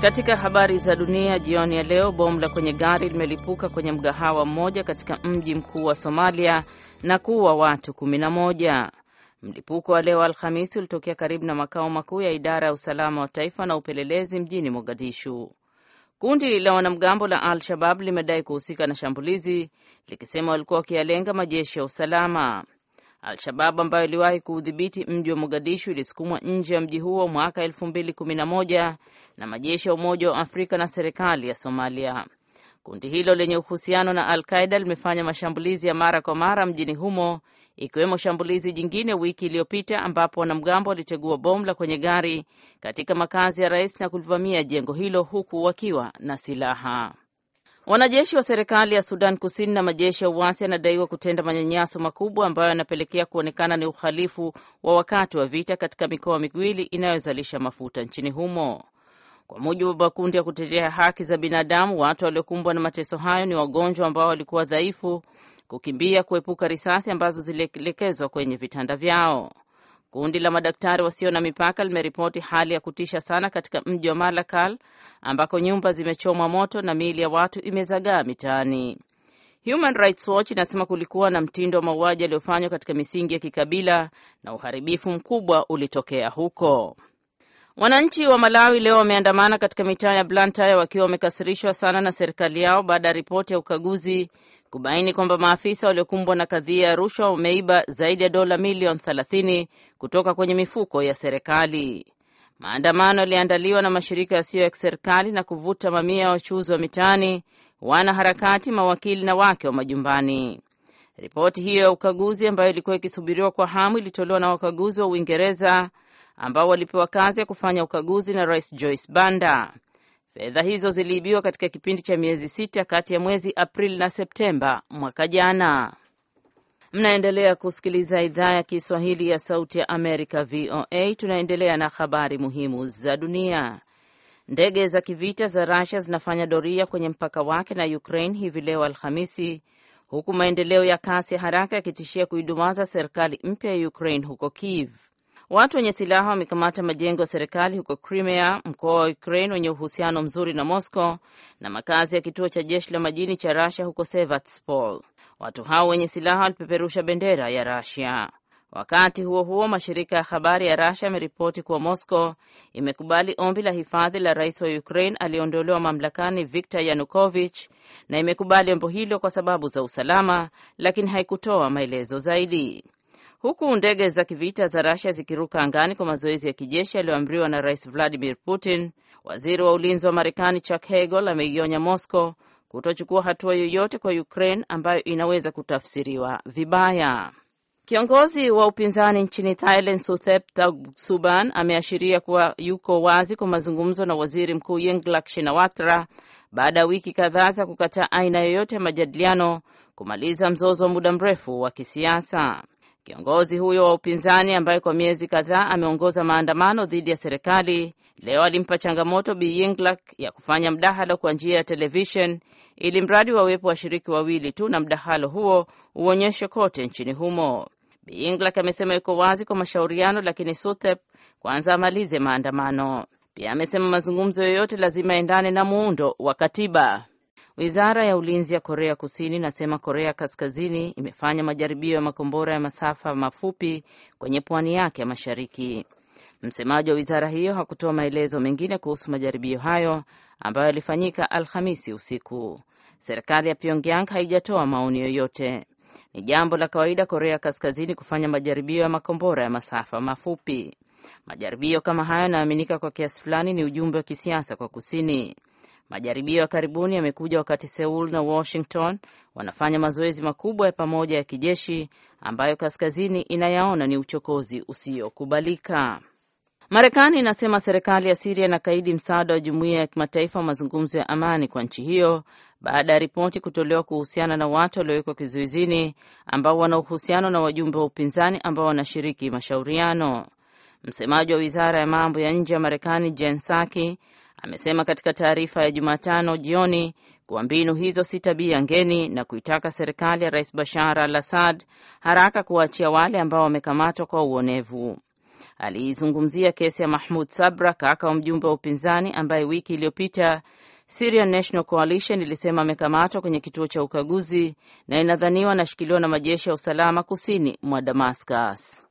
Katika habari za dunia jioni ya leo, bomu la kwenye gari limelipuka kwenye mgahawa mmoja katika mji mkuu wa Somalia na kuua watu 11. Mlipuko wa leo Alhamisi ulitokea karibu na makao makuu ya idara ya usalama wa taifa na upelelezi mjini Mogadishu. Kundi la wanamgambo la Al-Shabab limedai kuhusika na shambulizi likisema walikuwa wakiyalenga majeshi ya usalama. Al-Shababu ambayo iliwahi kuudhibiti mji wa Mogadishu ilisukumwa nje ya mji huo mwaka 2011 na majeshi ya Umoja wa Afrika na serikali ya Somalia. Kundi hilo lenye uhusiano na al qaida limefanya mashambulizi ya mara kwa mara mjini humo ikiwemo shambulizi jingine wiki iliyopita ambapo wanamgambo walitegua bomu la kwenye gari katika makazi ya rais na kulivamia jengo hilo huku wakiwa na silaha. Wanajeshi wa serikali ya Sudan Kusini na majeshi ya uasi yanadaiwa kutenda manyanyaso makubwa ambayo yanapelekea kuonekana ni uhalifu wa wakati wa vita katika mikoa miwili inayozalisha mafuta nchini humo. Kwa mujibu wa makundi ya kutetea haki za binadamu, watu waliokumbwa na mateso hayo ni wagonjwa ambao walikuwa dhaifu, kukimbia, kuepuka risasi ambazo zilielekezwa kwenye vitanda vyao. Kundi la madaktari wasio na mipaka limeripoti hali ya kutisha sana katika mji wa Malakal ambako nyumba zimechomwa moto na miili ya watu imezagaa mitaani. Human Rights Watch inasema kulikuwa na mtindo wa mauaji yaliyofanywa katika misingi ya kikabila na uharibifu mkubwa ulitokea huko. Wananchi wa Malawi leo wameandamana katika mitaa ya Blantyre wakiwa wamekasirishwa sana na serikali yao baada ya ripoti ya ukaguzi kubaini kwamba maafisa waliokumbwa na kadhia ya rushwa wameiba zaidi ya dola milioni 30 kutoka kwenye mifuko ya serikali. Maandamano yaliandaliwa na mashirika yasiyo ya kiserikali na kuvuta mamia ya wachuuzi wa mitaani, wanaharakati, mawakili na wake wa majumbani. Ripoti hiyo ya ukaguzi ambayo ilikuwa ikisubiriwa kwa hamu ilitolewa na wakaguzi wa Uingereza ambao walipewa kazi ya kufanya ukaguzi na Rais Joyce Banda. Fedha hizo ziliibiwa katika kipindi cha miezi sita kati ya mwezi Aprili na Septemba mwaka jana. Mnaendelea kusikiliza idhaa ya Kiswahili ya Sauti ya Amerika, VOA. Tunaendelea na habari muhimu za dunia. Ndege za kivita za Russia zinafanya doria kwenye mpaka wake na Ukraine hivi leo Alhamisi, huku maendeleo ya kasi ya haraka yakitishia kuidumaza serikali mpya ya Ukraine huko Kiev. Watu wenye silaha wamekamata majengo ya serikali huko Crimea, mkoa wa Ukraine wenye uhusiano mzuri na Moscow, na makazi ya kituo cha jeshi la majini cha Russia huko Sevastopol. Watu hao wenye silaha walipeperusha bendera ya Russia. Wakati huo huo, mashirika ya habari ya Russia yameripoti kuwa Moscow imekubali ombi la hifadhi la rais wa Ukraine aliyeondolewa mamlakani Viktor Yanukovych, na imekubali ombo hilo kwa sababu za usalama, lakini haikutoa maelezo zaidi huku ndege za kivita za rasia zikiruka angani kwa mazoezi ya kijeshi yaliyoamriwa na Rais Vladimir Putin. Waziri wa ulinzi wa Marekani Chuck Hagel ameionya Moscow kutochukua hatua yoyote kwa Ukraine ambayo inaweza kutafsiriwa vibaya. Kiongozi wa upinzani nchini Thailand Suthep Thaugsuban ameashiria kuwa yuko wazi kwa mazungumzo na waziri mkuu Yingluck Shinawatra baada ya wiki kadhaa za kukataa aina yoyote ya majadiliano kumaliza mzozo wa muda mrefu wa kisiasa. Kiongozi huyo wa upinzani ambaye kwa miezi kadhaa ameongoza maandamano dhidi ya serikali, leo alimpa changamoto Bi Yingluck ya kufanya mdahalo kwa njia ya televishen, ili mradi wawepo washiriki wawili tu na mdahalo huo uonyeshe kote nchini humo. Bi Yingluck amesema yuko wazi kwa mashauriano, lakini SUTEP kwanza amalize maandamano. Pia amesema mazungumzo yoyote lazima endane na muundo wa katiba. Wizara ya ulinzi ya Korea Kusini inasema Korea Kaskazini imefanya majaribio ya makombora ya masafa mafupi kwenye pwani yake ya mashariki. Msemaji wa wizara hiyo hakutoa maelezo mengine kuhusu majaribio hayo ambayo yalifanyika Alhamisi usiku. Serikali ya Pyongyang haijatoa maoni yoyote. Ni jambo la kawaida Korea Kaskazini kufanya majaribio ya makombora ya masafa mafupi. Majaribio kama hayo yanaaminika kwa kiasi fulani ni ujumbe wa kisiasa kwa Kusini. Majaribio ya karibuni yamekuja wakati Seul na Washington wanafanya mazoezi makubwa ya pamoja ya kijeshi ambayo kaskazini inayaona ni uchokozi usiokubalika. Marekani inasema serikali ya Siria inakaidi msaada wa jumuiya ya kimataifa wa mazungumzo ya amani kwa nchi hiyo baada ya ripoti kutolewa kuhusiana na watu waliowekwa kizuizini ambao wana uhusiano na wajumbe wa upinzani ambao wanashiriki mashauriano. Msemaji wa wizara ya mambo ya nje ya Marekani Jen Psaki amesema katika taarifa ya Jumatano jioni kuwa mbinu hizo si tabia ngeni na kuitaka serikali ya Rais Bashar al Assad haraka kuwaachia wale ambao wamekamatwa kwa uonevu. Aliizungumzia kesi ya Mahmud Sabra, kaka wa mjumbe wa upinzani ambaye wiki iliyopita Syrian National Coalition ilisema amekamatwa kwenye kituo cha ukaguzi na inadhaniwa anashikiliwa na majeshi ya usalama kusini mwa Damascus.